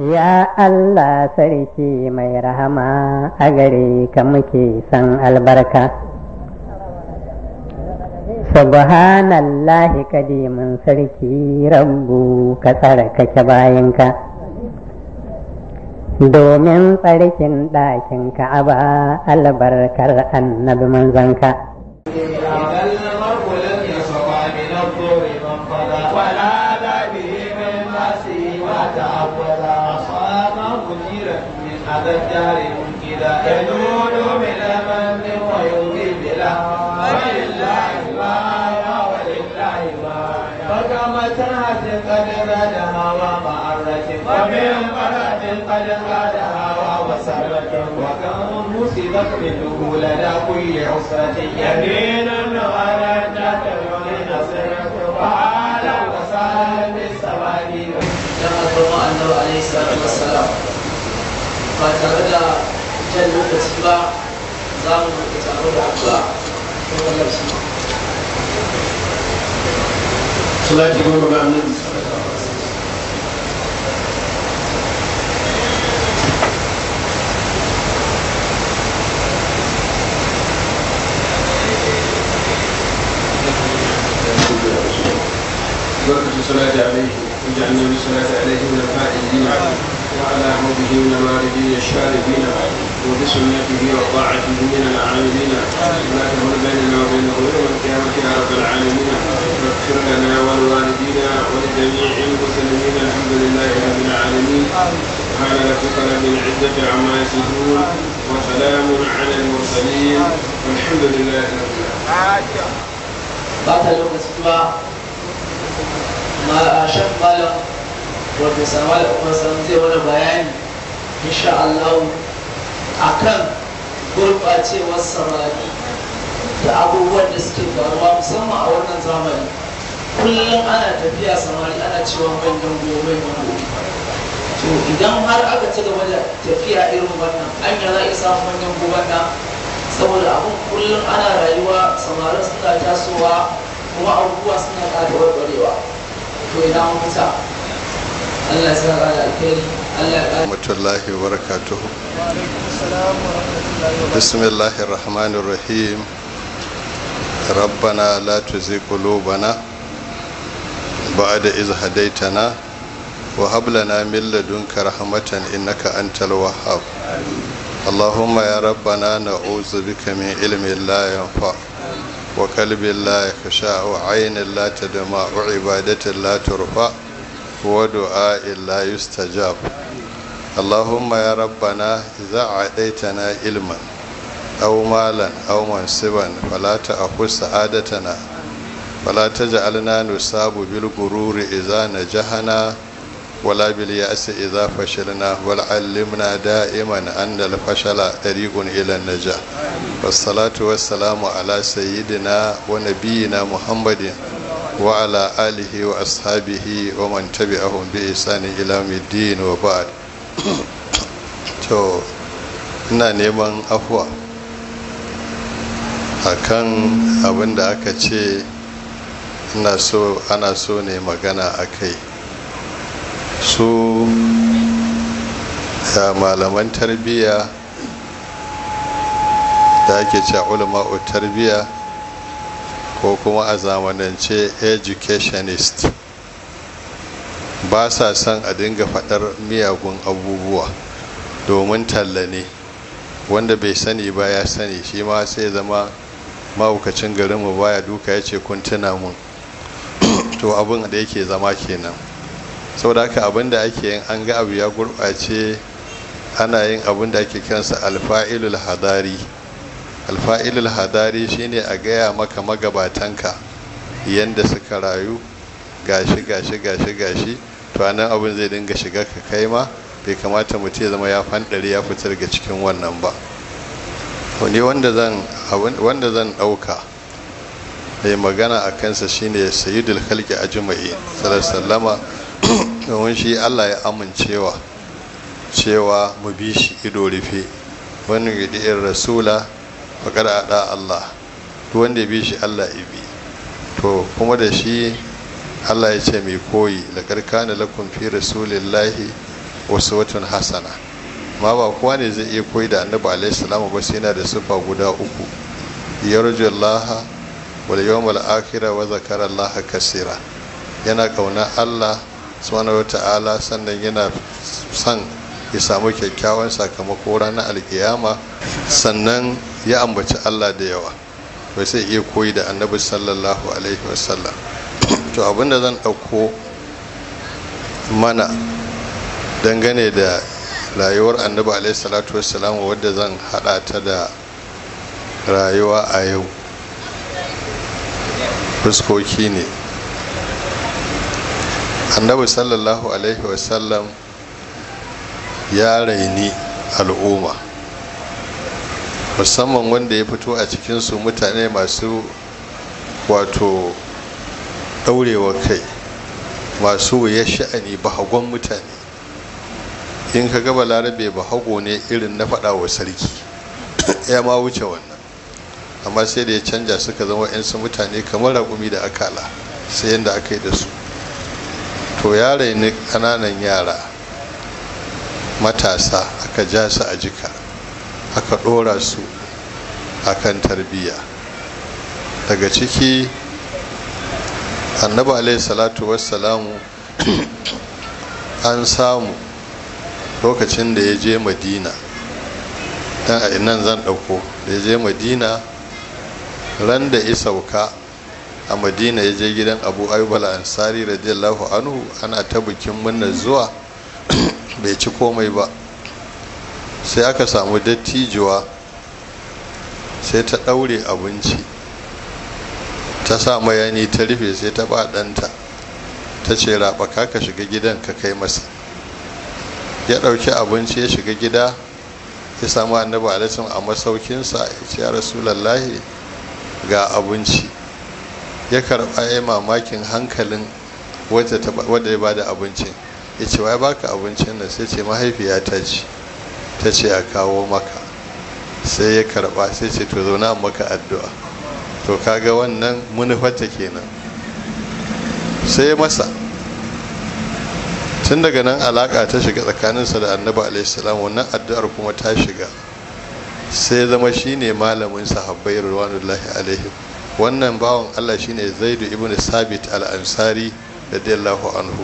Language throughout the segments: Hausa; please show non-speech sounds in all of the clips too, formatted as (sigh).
Ya Allah sarki mai rahama a gare ka muke san albarka. Subhanallahi kadimin sarki rabbu ka tsara bayanka. Domin tsarkin ɗakin ka'aba albarkar annabi manzanka. نقلب لدى كل عصاة يمين ولا تتبع لنصرك وعالا وسهلا بالسواد لما تروى أنه عليه الصلاة والسلام فتردى جنة السباع زامن التعرض أقلاع صلاة يقول بعمل الصلاة عليه واجعلنا بالصلاة عليه من الفائزين وعلى حوضه من الواردين الشاربين وبسنته وطاعته من العاملين ولا تهون بيننا وبين يوم القيامة يا رب العالمين واغفر لنا ولوالدينا ولجميع المسلمين الحمد لله رب العالمين سبحان ربك رب العزة عما يصفون وسلام على المرسلين والحمد لله رب العالمين. ma shan malam wato sama da kuma san zai wani bayani insha Allah akan gurɓacewar samari da abubuwan da suke faruwa musamman a wannan zamani kullum ana tafiya samari ana cewa don gobe manyan to idan har aka ci gaba da tafiya irin wannan anya za a wani manyan gobana saboda abin kullum ana rayuwa samarin suna tasowa kuma abubuwa suna ƙara warwarewa to ina mafita Allah ya sa ga alheri warahmatullahi wabarakatuhu bismillahir rahmanir rahim rabbana la tuzigh qulubana ba'da iz hadaytana wa hab lana min ladunka rahmatan innaka antal wahhab allahumma ya rabbana na'udzu bika min ilmin la yanfa' وقلب لا يخشى وعين لا تدمع وعبادة لا ترفع ودعاء لا يستجاب اللهم يا ربنا إذا عديتنا علما أو مالا أو منصبا فلا تأخذ سعادتنا ولا تجعلنا نصاب بالغرور إذا نجحنا ولا باليأس إذا فشلنا والعلمنا دائما أن الفشل طريق إلى النجاة والصلاة والسلام على سيدنا ونبينا محمد وعلى آله وأصحابه ومن تبعهم بإحسان إلى يوم الدين وبعد to ina neman afuwa akan abin da aka ce ana so ne magana a kai su ya malaman tarbiyya da ake cewa o tarbiyya ko kuma a zamanance educationist ba sa son a dinga faɗar miyagun abubuwa domin talla ne wanda bai sani ba ya sani shi ma sai zama mahaukacin garinmu baya duka ya ce kun tuna mun (coughs) to abin da yake zama kenan saboda haka abin da ake yin an ga abu ya gurɓace ana yin abin da ake kansa alfa'ilul hadari alfa'ilul hadari shine a gaya maka magabatanka yadda suka rayu gashi gashi gashi gashi to anan abin zai dinga shiga ka kai ma bai kamata mutum ya zama ya fanɗare ya fita daga cikin wannan ba wani wanda zan ɗauka mai magana a kansa shine sayyidul khalqi ajma'in sallallahu alaihi wasallama (clears throat) domin shi Allah ya amincewa cewa mu bi shi ido rufe wani yudi'in rasula faƙar da Allah duk wanda ya bi shi Allah ya to kuma da shi Allah ya ce mai koyi karka na lakun fi rasulillahi wasu watan hasana ma ba kuwa ne zai iya koyi da annabi alaihi salamu ba sai yana da sufa guda uku yarju Allah wal yawmal akhir wa zakara Allah kasira yana kauna Allah subhanahu ta'ala sannan yana son ya samu kyakkyawan sakamako ranar alkiyama sannan ya ambaci Allah da yawa bai sai iya koyi da annabi sallallahu alaihi wasallam to abinda zan ɗauko mana dangane da rayuwar annabi alaihi salatu wasallam wadda zan haɗa ta da rayuwa a yau fuskoki ne annabi sallallahu alaihi wasallam ya raini al'umma musamman wanda ya fito a cikinsu mutane masu wato daurewa kai masu ya sha'ani bahagon mutane in ka gaba larabe bahago ne irin na faɗawa wa sarki ya ma wuce wannan amma sai da ya canja suka zama 'yansu mutane kamar raƙumi da akala sai yadda aka yi da su to ya raini kananan yara matasa aka ja su a jika aka ɗora su akan tarbiyya daga ciki annaba salatu wassalamu (coughs) an samu lokacin da ya je madina dan a inan zan dauko da ya je madina ran da ya sauka a madina ya je gidan abu ayyub ansari radiyallahu anhu ana ta bikin murnar zuwa (coughs) bai ci komai ba sai aka samu dattijuwa sai ta ɗaure abinci ta sa mayani ta rufe sai ta ba ɗanta ta ce raɓaka ka shiga gidan ka kai masa ya ɗauki abinci ya shiga gida ya samu annabi alisun a masaukinsa ya ce ya rasulallahi ga abinci ya karɓa ya mamakin hankalin wadda ya bada abincin ya ce wai baka abincin nan sai ce mahaifiya ta ce ta ce a kawo maka sai ya karɓa sai ce to zauna maka addu'a to kaga wannan manufarta kenan sai ya masa tun daga nan alaka ta shiga tsakaninsa da annabi alaihissalam wannan addu'ar kuma ta shiga sai zama shine malamin sahabbai ruwanullahi alaihissalam wannan bawan allah shine zaidu ibn sabit al-ansari radiyallahu anhu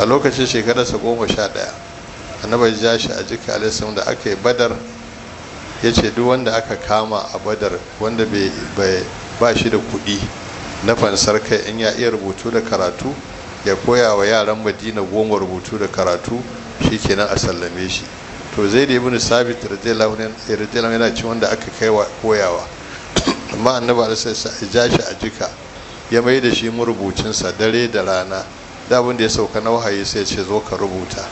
a lokacin shekararsa goma sha ɗaya annabi ja shi a jika alaihi da aka yi badar ya ce duk wanda aka kama a badar wanda bai ba shi da kuɗi na fansar kai in ya iya rubutu da karatu ya koya wa yaran madina goma rubutu da karatu shikenan a sallame shi to zai da ibn sabit radiyallahu anhu yana cin wanda aka kai wa koyawa amma annaba da sai sa ja shi a jika ya mai da shi murubucinsa dare da rana da abin da ya sauka na wahayi sai ce zo ka rubuta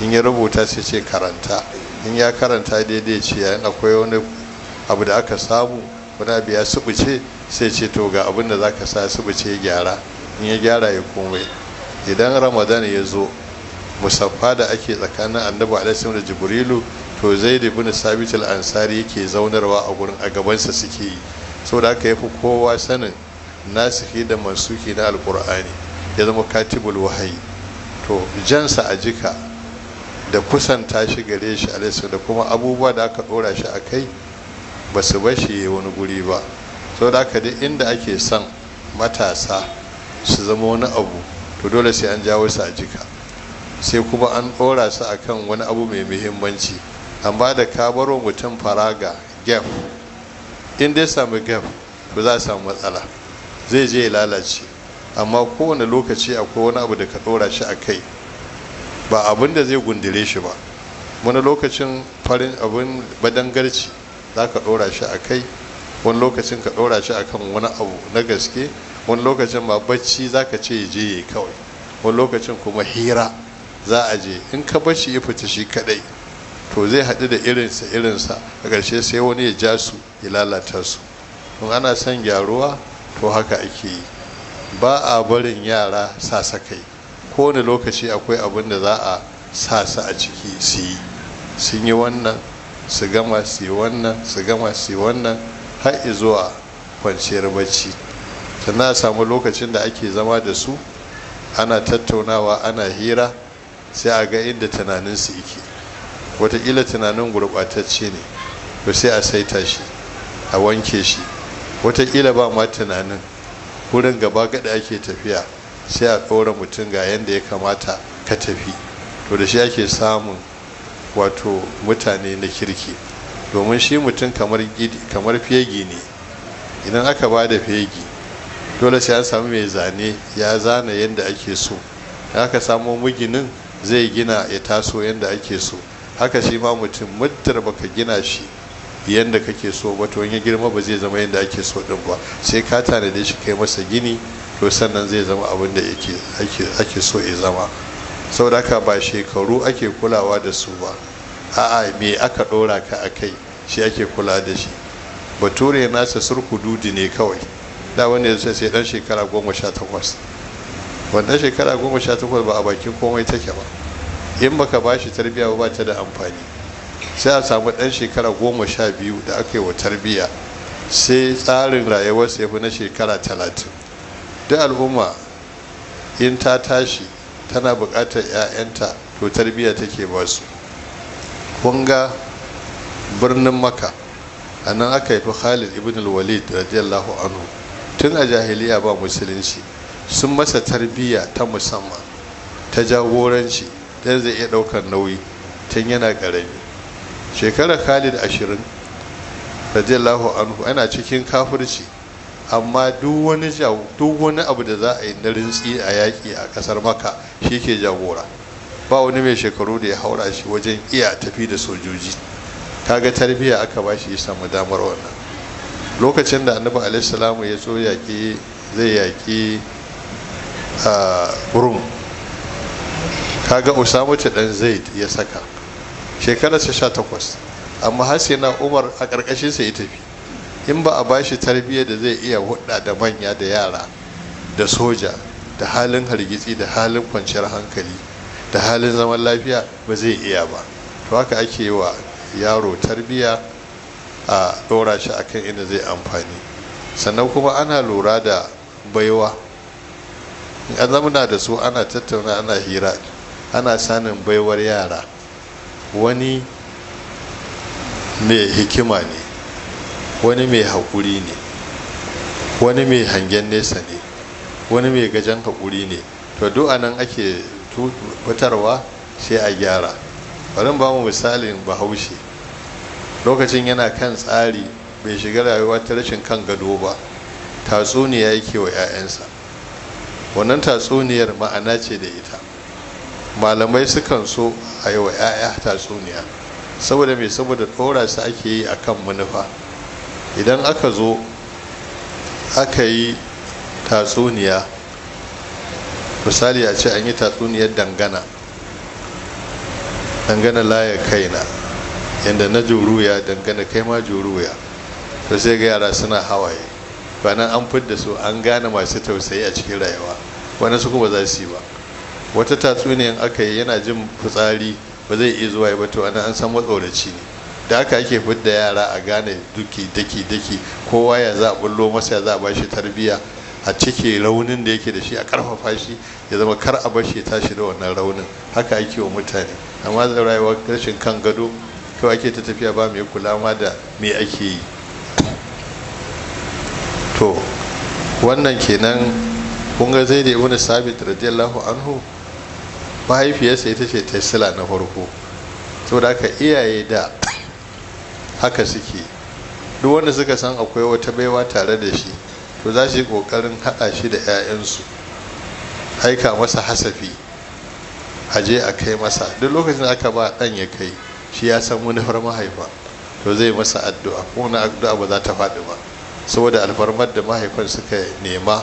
in ya rubuta sai ce karanta in ya karanta daidai ce yayin akwai wani abu da aka samu wani abu ya subuce sai ce to ga abin da zaka sa subuce gyara in ya gyara ya komai idan ramadan ya zo musaffa da ake tsakanin annabi alaihi da jibrilu to zaid ibn sabit al-ansari yake zaunarwa a gurin a gabansa suke yi da haka ya fi kowa sanin nasiki da mansuki na alkur'ani ya zama katibul wahayi to jansa a jika da kusanta shi gare shi alaisu da kuma abubuwa da aka ɗora shi a kai ba su ba shi wani guri ba da haka dai inda ake son matasa su zama wani abu to dole sai an jawo su a jika sai kuma an ɗora su akan wani abu mai muhimmanci amma da ka baro mutum faraga gef. in dai samu gam ba za a samu matsala zai je ya lalace amma kowane lokaci akwai wani abu da ka ɗora shi a kai ba abin da zai gundire shi ba wani lokacin farin abin badangarci za ka ɗora shi a kai wani lokacin ka ɗora shi a kan wani abu na gaske wani lokacin ma bacci za ka ce je yi kawai wani lokacin kuma hira za a je in ka bacci ya fita shi kadai to zai haɗu da irinsa irinsa a ƙarshe sai wani ya jasu ya lalata su in ana son gyaruwa to haka ake yi ba a barin yara sasakai kowane lokaci akwai abin da za a sasa a ciki su yi sun yi wannan su gama su yi wannan su gama su yi wannan har zuwa kwanciyar bacci tana a samu lokacin da ake zama da su ana tattaunawa ana hira sai a ga inda tunaninsu yake watakila tunanin gurɓatacce ne ba sai a saita shi a wanke shi watakila ba ma tunanin wurin gaba gada ake tafiya sai a ɗora mutum ga yadda ya kamata ka tafi to da shi ake samun wato mutane na kirki domin shi mutum kamar fegi ne idan aka ba da fegi dole sai an samu mai zane ya zana yadda ake so aka samu muginin zai gina ya taso yadda ake so haka shi ma mutum muddar baka gina shi yadda kake so ba to ya girma ba zai zama yadda ake so din ba sai ka tanade shi kai masa gini to sannan zai zama abin da ake so ya zama saboda haka ba shekaru ake kulawa da su ba a'a me aka ɗora ka a kai shi ake kula da shi bature nasa surkududi ne kawai da wanda ya sai dan shekara goma sha takwas shekara goma sha takwas ba a bakin komai take ba in baka bashi tarbiyya ba ta da amfani sai a samu ɗan shekara goma sha biyu da aka yi wa tarbiyya sai tsarin rayuwarsa ya fi na shekara talatin da al'umma in ta tashi tana buƙatar 'ya'yanta to tarbiyya take ba su kunga birnin maka a nan aka fi khalid ibn walid radiyallahu anhu tun a jahiliya ba musulunci sun masa tarbiyya ta musamman ta jagoranci ɗan zai iya ɗaukar nauyi tun yana ƙarami Shekarar khalid ashirin radiyallahu anhu ana cikin kafirci amma duk wani abu da za a yi na rintsi a yaƙi a ƙasar maka shi ke jagora ba wani mai shekaru da ya haura shi wajen iya tafi da sojoji ga tarbiyya aka ba shi ya samu damar wannan lokacin da annabi alaihi ya zo yaƙi zai yaƙi a ah, burum kaga usamu ɗan zaid ya saka shekarar sha takwas amma har sai na umar a ƙarƙashin sa ya tafi in ba a bashi tarbiyyar da zai iya hudda da manya da yara da soja da halin hargitsi da halin kwanciyar hankali da halin zaman lafiya ba zai iya ba to haka ake yi wa yaro tarbiyya a ɗora shi akan inda zai amfani sannan kuma ana lura da baiwa in an zamana da su ana tattauna ana hira ana sanin baiwar yara wani mai hikima ne wani mai haƙuri ne wani mai hangen nesa ne wani mai gajen haƙuri ne to a nan ake fitarwa sai a gyara bari ba mu misalin bahaushe lokacin yana kan tsari bai shiga rayuwa ta rashin kan gado ba tatsuniya yake wa 'ya'yansa wannan tatsuniyar ma'ana ce da ita malamai sukan so a yi wa 'ya'ya tatsuniya saboda mai saboda ɗora su ake yi a kan manufa idan aka zo aka yi tatsuniya misali a ce an yi tatsuniyar dangana dangana kai kaina yadda na juruya dangana kai ma juruya to sai ga yara suna hawaye ba nan an fidda su an gane masu tausayi a cikin rayuwa wani su kuma za su yi ba wata tatsuniyar aka yi yana jin fitsari ba zai iya zuwa ba to ana an san matsoraci ne da haka ake fidda yara a gane duki daki daki kowa ya za a bullo masa ya za a bashi tarbiyya a cike raunin da yake da shi a karfafa shi ya zama kar a bar shi ya tashi da wannan raunin haka ake wa mutane amma da rayuwar rashin kan gado kawai ake ta tafiya ba mai kula ma da me ake yi to wannan kenan kun ga zai da ibn sabit radiyallahu anhu mahaifiyarsa ita ce ta sila na farko saboda haka iyaye da haka suke duk wanda suka san akwai wata baiwa tare da shi to za su yi kokarin haɗa shi da 'ya'yansu aika masa hasafi a je a kai masa duk lokacin da aka ba ɗan ya kai shi ya san manufar mahaifa to zai masa addu'a na addu'a ba za ta faɗi ba saboda alfarmar da mahaifan suka nema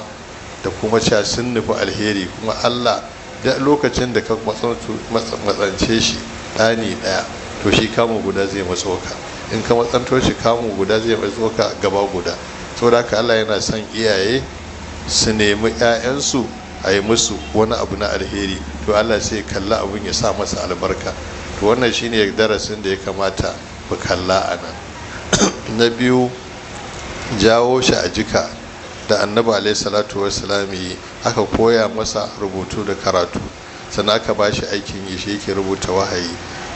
da kuma sun nufi alheri kuma allah da lokacin da ka matsance shi ɗani ɗaya to shi kamu guda zai matso ka in ka matsanto shi kamu guda zai matso ka gaba guda da haka Allah yana son iyaye su nemi 'ya'yansu a yi musu wani abu na alheri to Allah sai kalla abun ya sa masa albarka to wannan shine darasin da ya kamata mu kalla a nan (clears throat) na biyu jawo shi a jika da annabi alaihi salatu wassalam aka koya masa rubutu da karatu sannan aka ba shi aikin yi shi yake rubuta wahayi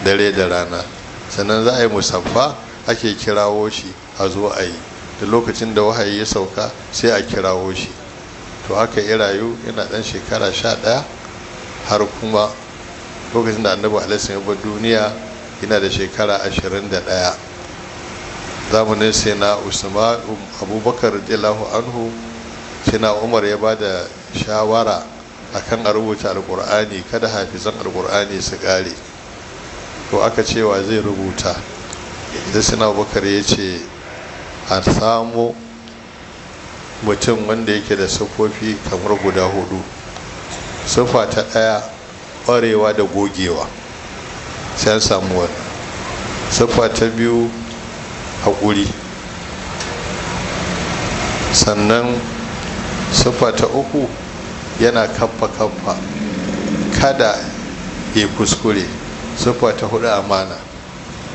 dare da rana sannan za a yi musaffa ake kirawo shi a zo a yi da lokacin da wahayi ya sauka sai a kirawo shi to haka ya rayu yana dan shekara sha ɗaya har kuma lokacin da annabi alaihi ya bar duniya yana da shekara ashirin da ɗaya zamanin sai na usman abubakar radiyallahu anhu sai na umar ya bada shawara akan a rubuta alkur'ani kada hafizan alkur'ani su kare to aka cewa zai rubuta da na Abubakar ya ce a samu mutum wanda yake da sufofi kamar guda hudu sufa ta daya ƙwarewa da gogewa sai an samu sufa ta biyu haƙuri sannan siffa ta uku yana kaffa kaffa kada ya kuskure siffa ta hudu amana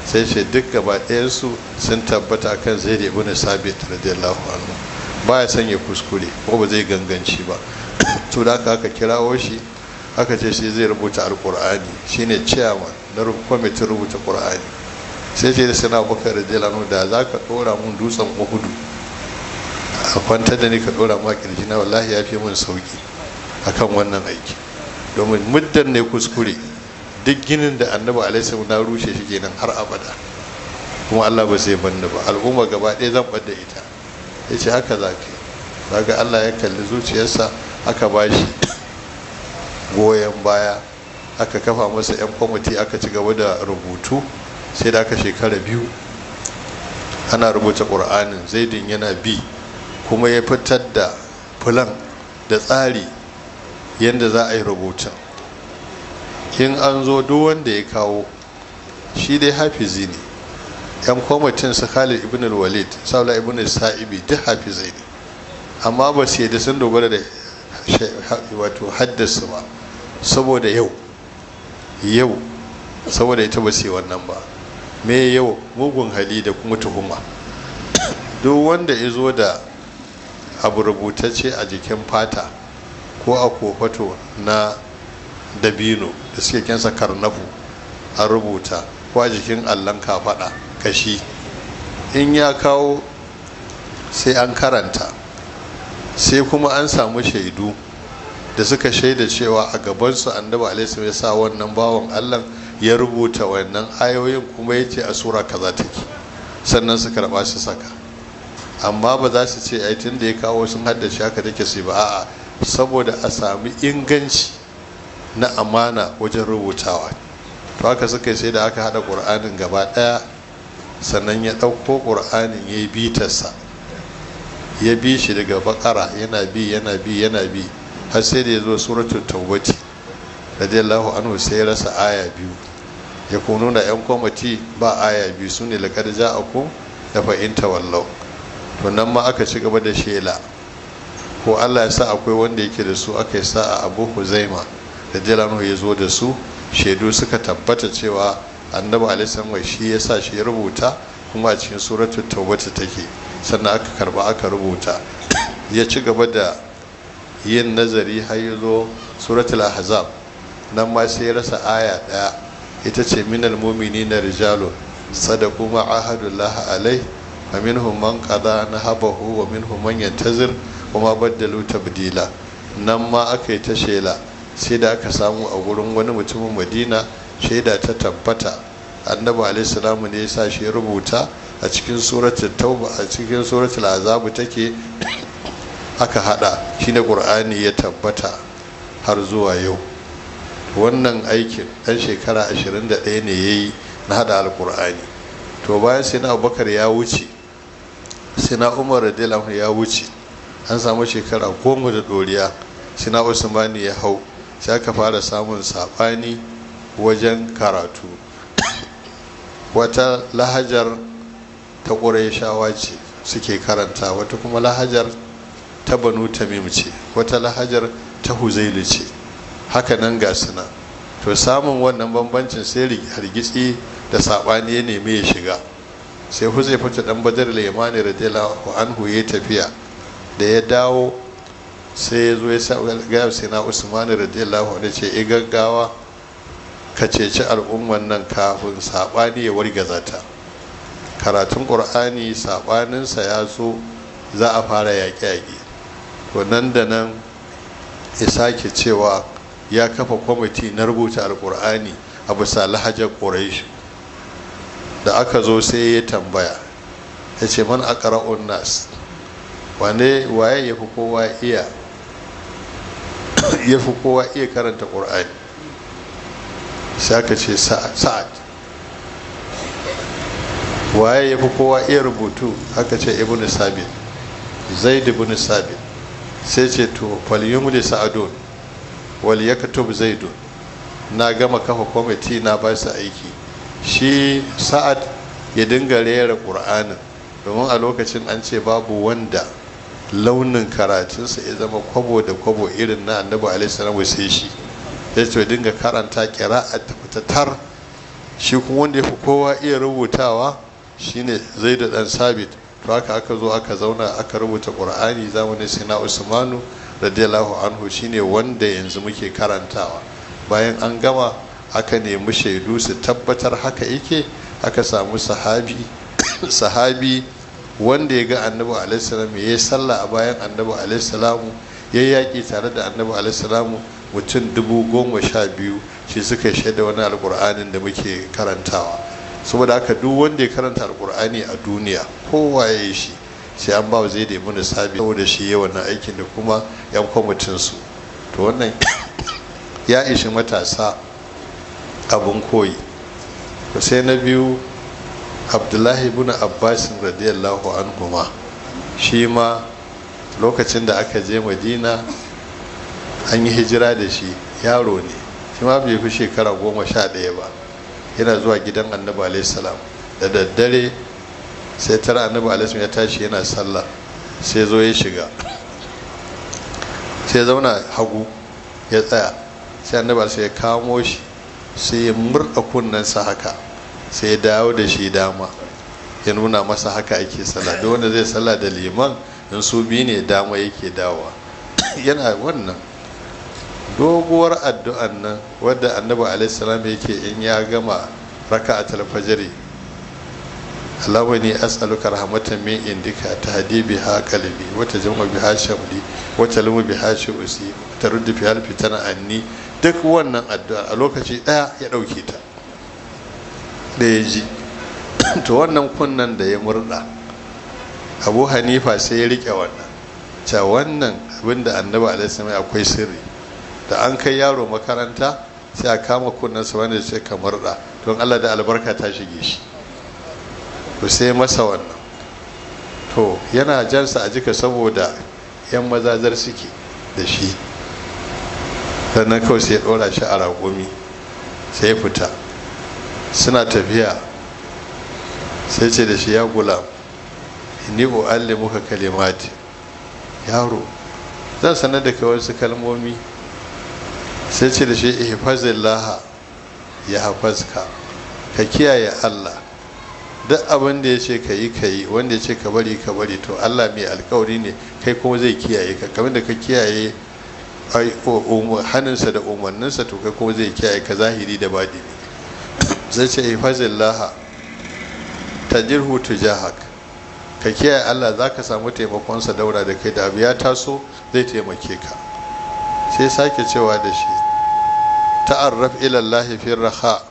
sai ce duk gaba ɗayarsu sun tabbata kan zai da ta sabit radiyallahu anhu ba ya sanya kuskure ko ba zai ganganci ba (coughs) to da aka aka kirawo shi aka ce shi zai rubuta alƙur'ani shine ciyawa na kwamitin rubuta ƙur'ani sai ce da suna bakar rajalanu da za ka ɗora mun dutsen uhudu a kwantar da ni ka ɗora ma kirji na wallahi ya fi mun sauki a kan wannan aiki domin muddan ne kuskure duk ginin da annabi alaihi na rushe shi kenan har abada kuma Allah ba sai banda ba al'umma gaba ɗaya zan bada ita ya ce haka za ka Allah ya kalli zuciyarsa aka ba shi goyon baya aka kafa masa 'yan kwamiti aka ci gaba da rubutu sai da aka shekara biyu ana rubuta ƙur'anin zaidin yana bi kuma ya fitar da fulan da tsari yadda za a yi rubuta in an zo duk wanda ya kawo shi dai hafizi ne yan kwamitin su khalid ibn walid saula ibn sa'ibi duk hafizai ne amma ba su yadda sun dogara da wato haddasa ba saboda yau yau saboda ita ba su yi wannan ba Mai yau mugun hali da kuma tuhuma duk wanda ya zo da abu rubutacce a jikin fata ko a kofato na dabino da suke kensa karnafu a rubuta ko a jikin allon kafaɗa kashi in ya kawo sai an karanta sai kuma an samu shaidu da suka shaida cewa a gabansu annabi alaihi ya sa wannan bawan allah ya rubuta wannan ayoyin kuma ya ce a sura kaza take sannan su karba su saka amma ba za su ce aitin da ya kawo sun haddace haka take su ba a'a saboda a sami inganci na amana wajen rubutawa to haka suka sai da aka hada ƙur'anin gaba ɗaya sannan ya ɗauko ƙur'anin ya yi bitarsa ya bi shi daga bakara yana bi yana bi yana bi har sai da ya zo suratul tawbati radiyallahu anhu sai rasa aya biyu ya kunu yan kwamati ba aya biyu su ne lakar za a ku da fahimta wallau to nan ma aka ci gaba da shela ko allah ya sa akwai wanda yake da su aka yi a abu huzaima da jalanu ya zo da su shaidu suka tabbata cewa annabi alisan wai shi ya sa shi ya rubuta kuma a cikin suratul taubata take sannan aka karba aka rubuta ya ci gaba da yin nazari har ya zo suratul ahzab nan ma sai ya rasa aya daya ita ce minal na rijalun sadaku ma ahadullah alai wa minhum man na habahu wa minhum man yantazir kuma baddalu tabdila nan ma aka yi ta shela sai da aka samu a wurin wani mutumin madina shaida ta tabbata annabi alaihi salamu ne sa shi rubuta a cikin suratul tauba a cikin suratul take aka hada shine qur'ani ya tabbata har zuwa yau wannan aikin ɗan shekara 21 ne ya yi na hada alkur'ani to bayan sai na abubakar ya wuce sai na umar radiyallahu ya wuce an samu shekara goma da doriya sai na usmani ya hau sai aka fara samun saɓani wajen karatu wata lahajar ta ƙurayshawa ce suke karanta wata kuma lahajar ta banu tamim ce wata lahajar ta huzailu ce haka nan ga suna to samun wannan bambancin sai hargitsi da saɓani ya nemi ya shiga sai huzaifa ta dan badar limani wa anhu ya tafiya da ya dawo sai ya zo ya sa gaya sai na usmani wa ne ce i eh, gaggawa ka ceci al'umman nan kafin saɓani ya wargaza ta karatun ƙur'ani saɓaninsa ya zo za a fara yaƙe-yaƙe to nan da nan ya sake cewa ya kafa kwamiti na rubuta alkur'ani a bisa lahajar quraish da aka zo sai ya tambaya ya ce man aqra'un nas wane waye fi kowa iya kowa iya karanta ƙur'ani? sai aka ce sa'ad waye fi kowa iya rubutu aka ce Ibn sabit zaid ibn sabit sai ce to falyumli sa'adun wal zai do na gama kafa kwamiti na ba su aiki shi sa'ad ya dinga rera ƙur'anin domin a lokacin an ce babu wanda launin karatunsa ya zama kwabo da kwabo irin na annabi alaihi sai shi ya ce dinga karanta kira'a ta fitatar shi kuma wanda ya fi kowa iya rubutawa shine zai da ɗan sabit to haka aka zo aka zauna aka rubuta ƙura'ani zamanin sina usmanu radiyallahu anhu shine wanda yanzu muke karantawa bayan an gama aka nemi shaidu su tabbatar haka yake aka samu sahabi (coughs) sahabi wanda ya ga annabi alaihissalam ya yi sallah a bayan annabi alaihissalam ya yaƙi tare da annabi alaihissalam mutum dubu goma sha biyu shi suka shaida wani alƙur'anin da muke karantawa saboda haka duk wanda ya karanta alƙur'ani a duniya kowa ya yi shi sai an ba zai da ibn sabi saboda shi yi wannan aikin da kuma yan kwamitinsu to wannan (coughs) ya ishi matasa abin koyi sai na biyu abdullahi ibn abbas radiyallahu anhuma shi ma lokacin da aka je madina an yi hijira da shi yaro ne shi ma bai fi shekara goma sha ɗaya ba yana zuwa gidan annabi salam da daddare sai tara annabi alaihi ya tashi yana sallah sai zo ya shiga sai zauna hagu ya tsaya sai annabi sai ya kamo shi sai ya murda sa haka sai ya dawo da shi dama ya nuna masa haka ake sallah duk wanda zai sallah da liman in su biyu ne dama yake dawowa (coughs) yana wannan doguwar addu'an nan wadda annabi alaihi salam yake in ya gama raka'atul fajr alawani as'aluka rahmatan min indika tahdi biha qalbi wa tajmu biha shamli wa talmu biha shusi taruddu fi hal fitana anni duk wannan addu'a a lokaci daya ya dauke ta da ya ji (coughs) to wannan kunnan da ya murda abu hanifa sai ya rike wannan ta wannan abinda annabi alaihi salam akwai sirri da an kai yaro makaranta sai a kama kunnansa wanda ya ce ka murda don Allah da albarka ta shige shi Ku sai masa wannan to yana jansa a jika saboda yan mazazar suke da shi sannan kawai sai ya ɗora shi a ragumi sai fita suna tafiya sai ce da shi ya gulam ni muka kalimati yaro zan sanar da kai wasu kalmomi sai ce da shi Laha ya hafazka ka kiyaye Allah duk abin da ya ce ka yi ka yi wanda ya ce ka bari ka bari to allah mai alkawari ne kai kuma zai kiyaye ka kamar da ka kiyaye um, hannunsa da umarninsa to kai kuma zai kiyaye ka zahiri da baɗi zai ce ifazin laha ta tu jahak ka kiyaye allah za ka samu taimakonsa daura da kai da abu ya taso zai taimake ka sai sake cewa da shi ta'arraf ilallahi fi raha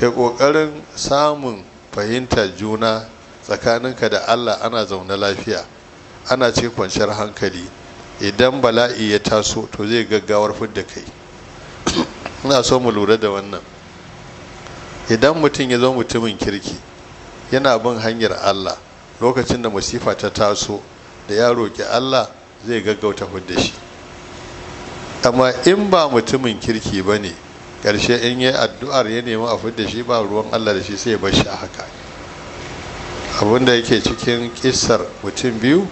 kai ƙoƙarin samun fahimtar juna tsakaninka da allah ana zaune lafiya ana ce kwanciyar hankali idan bala'i ya taso to zai gaggawar fidda kai ina so mu lura da wannan idan mutum ya zo mutumin kirki yana bin hanyar allah lokacin da masifa ta taso da ya roƙi allah zai gaggauta fidda shi amma in ba mutumin kirki ba ne karshe in yi addu'ar ya nemi a fidda shi ba ruwan Allah da shi sai bar shi a haka abinda yake cikin kissar mutum biyu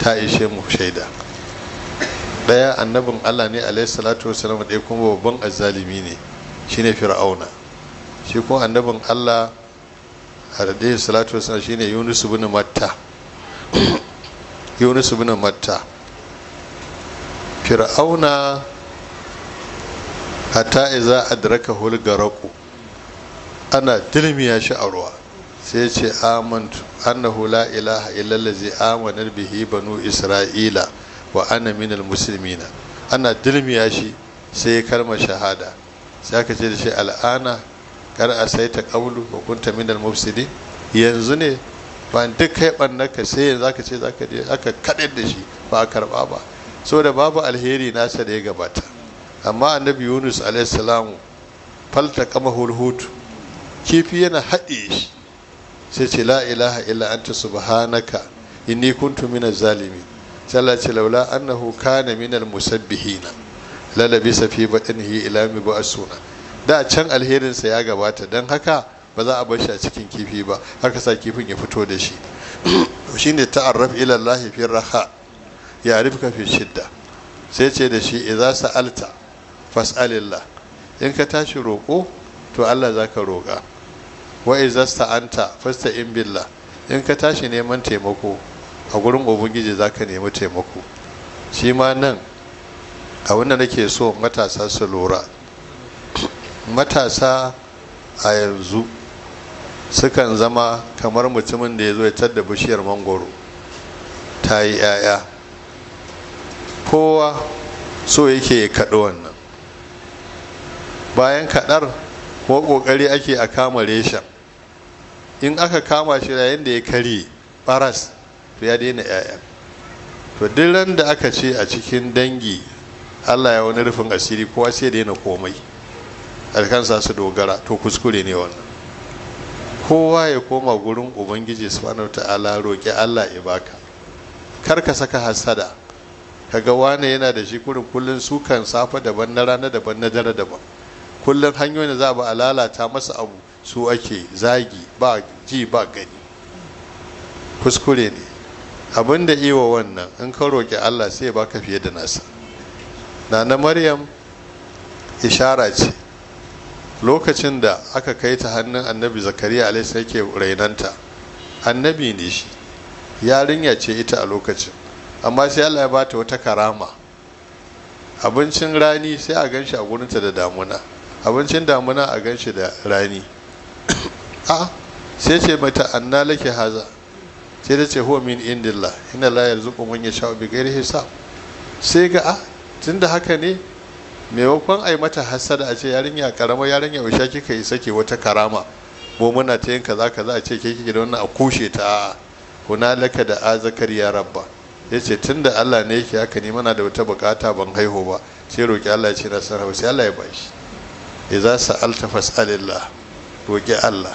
ta ishe mu shaida daya annabin Allah ne alaihi salatu wasallam ɗaya kuma babban azzalimi ne shine fir'auna shi kuma annabin Allah alaihi salatu wasallam shine Yunus ibn Matta (coughs) Yunus ibn Matta fir'auna hatta iza adraka hulgaraku ana tilmiya shi a ruwa sai ce amantu annahu la ilaha illallazi amana bihi banu isra'ila wa ana minal muslimina ana tilmiya shi sai kalmar shahada sai aka ce da shi al'ana kar a sai ta kaulu wa kunta minal mufsidi yanzu ne ba duk kai bannaka sai yanzu aka ce zaka je aka kadar da shi ba a karba ba saboda babu alheri nasa da ya gabata amma annabi yunus alaihissalam falta kama hulhut kifi yana haɗe sai ce la ilaha illa anta subhanaka inni kuntu zalimi ce laula annahu kana minal musabbihina la labisa fi batnihi ila da can alherinsa ya gabata dan haka ba za a bar shi a cikin kifi ba haka sa kifin ya fito da shi (coughs) shine ta'arraf ila fi raha ya rifka fi shidda sai ce da shi idza sa'alta fas'alillah in ka tashi roƙo to Allah za ka roƙa wa izasta anta fasta in billah in ka tashi neman taimako a gurin ubangiji za ka nemi taimako shi ma nan abin da nake so matasa su lura matasa a yanzu sukan zama kamar mutumin da ya zo ya tadda bishiyar mangoro ta yi 'ya'ya kowa so yake kaɗo wannan bayan kaɗar ko ƙoƙari ake a kama reshen in aka kama shi yayin da ya karye baras to ya daina 'ya'yan to duk ran da aka ce a cikin dangi allah ya wani rufin asiri kowa sai daina komai alkansa su dogara to kuskure ne wannan kowa ya koma gurin ubangiji subhanahu ta'ala roƙi allah ya baka kar ka saka hasada kaga wane yana da shi kurin kullun sukan safa daban na rana daban na dare daban kullum hanyoyin da za a lalata masa abu su ake zagi ba ji ba gani kuskure ne abin da iwa wannan in ka roƙi allah sai ba ka fiye da nasa na na maryam ishara ce lokacin da aka kai ta hannun annabi zakariya alaisa yake rainanta annabi ne shi yarinya ce ita a lokacin amma sai allah ya bata wata karama abincin rani sai a ganshi shi a gurinta da damuna abincin damuna a gan shi da rani (coughs) a sai ce mata anna lake haza sai da ce huwa min indilla ina la yarzuqu man sha bi gairi hisab sai ga a ah, tun da haka ne maimakon ai mata hasada a ce yarinya karama yarinya usha kika yi sake wata karama mu muna ta yin kaza kaza a ce ke kike da wannan a kushe ta Kuna laka da azakar ya rabba Ya ce tun da Allah ne yake haka ni mana da wata bukata ban haihu ba sai roƙi Allah ya ce na san hausa Allah ya bashi idza sa'alta fas'alillah roki Allah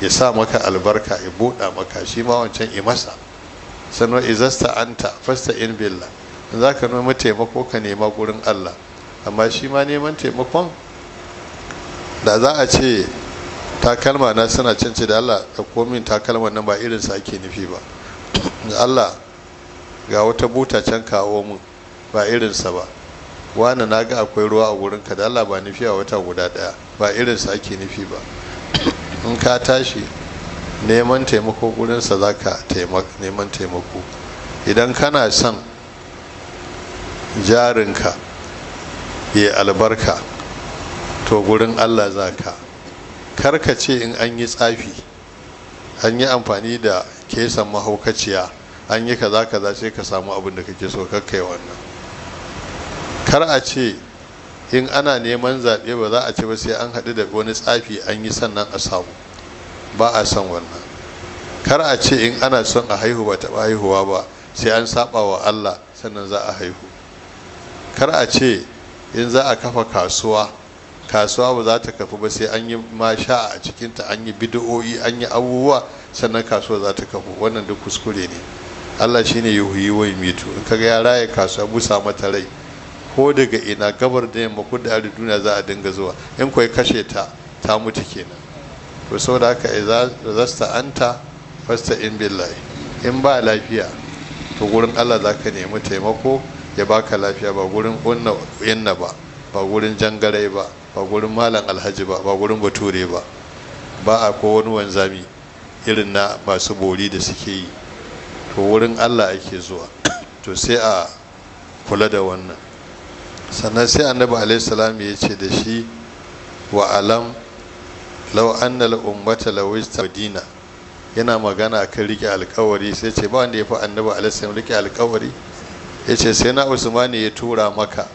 ya sa maka albarka ya buɗa maka shi ma wancan i masa sanwa idza sta'anta fasta'in billah in zaka nemi taimako ka nema gurin Allah amma shi ma neman taimakon da za a ce takalma na suna cance da Allah da komin takalma nan ba irin sa ake nufi ba Allah ga wata buta can kawo mu ba irinsa ba wani na ga akwai ruwa a wurin ka da Allah ba nufi a wata guda daya ba irin sa ake nufi ba (clears throat) in ka tashi neman taimako gurin sa zaka neman taimako idan kana son ka ya albarka to gurin Allah zaka ka ce in an yi tsafi an yi amfani da kesan mahaukaciya an yi kaza kaza sai ka samu abin da kake so kakkai wannan kar a ce in ana neman zaɓe ba za a ce ba sai an haɗu da wani tsafi an yi sannan a samu ba a san wannan kar a ce in ana son a haihu ba taɓa haihuwa ba sai an saɓa wa allah sannan za a haihu kar a ce in za a kafa kasuwa kasuwa ba za ta kafu ba sai an yi masha a cikinta an yi bidi'o'i an yi abubuwa sannan kasuwa za ta kafu wannan duk kuskure ne allah shine yuhuyi wa mitu in kaga ya raya kasuwa busa mata rai ko daga ina gabar da yamma ko da duniya za a dinga zuwa in kai kashe ta ta mutu kenan to saboda haka zasta anta fasta in billahi in ba lafiya to gurin Allah za ka nemi taimako ya baka lafiya ba gurin yanna ba ba gurin jangarai ba ba gurin malam alhaji ba ba gurin bature ba ba a ko wani wanzami irin na masu bori da suke yi to wurin Allah ake zuwa to sai a kula da wannan sannan sai annabi alaihissalam ya ce da shi wa alam law anna ummata law istadina yana magana kan rike alkawari sai ce ba wanda ya fi annabi alaihissalam rike alkawari ya ce sai na usmani ya tura maka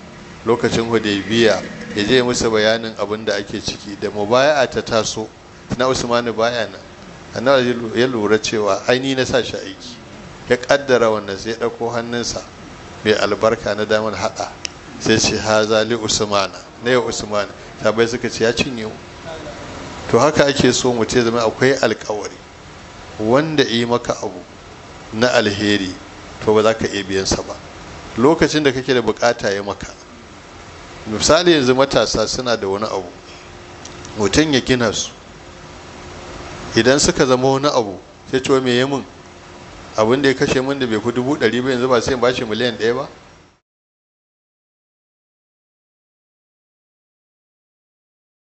lokacin hudaybiya ya je masa bayanin abin da ake ciki da mubaya'a ta taso na usmani baya nan annabi ya lura cewa aini na sa shi aiki ya kaddara wannan sai ya dauko hannunsa mai albarka na damar haɗa sai ce haza li usmana na ya usmana bai suka ce ya cinye to haka ake so mu ce zama akwai alkawari wanda yi maka abu na alheri to ba za ka iya biyan sa ba lokacin da kake da bukata ya maka misali yanzu matasa suna da wani abu mutum ya gina su idan suka zama wani abu sai ce me yamin abin da ya kashe min da bai ku dubu ɗari ba yanzu ba sai ba bashi miliyan ɗaya ba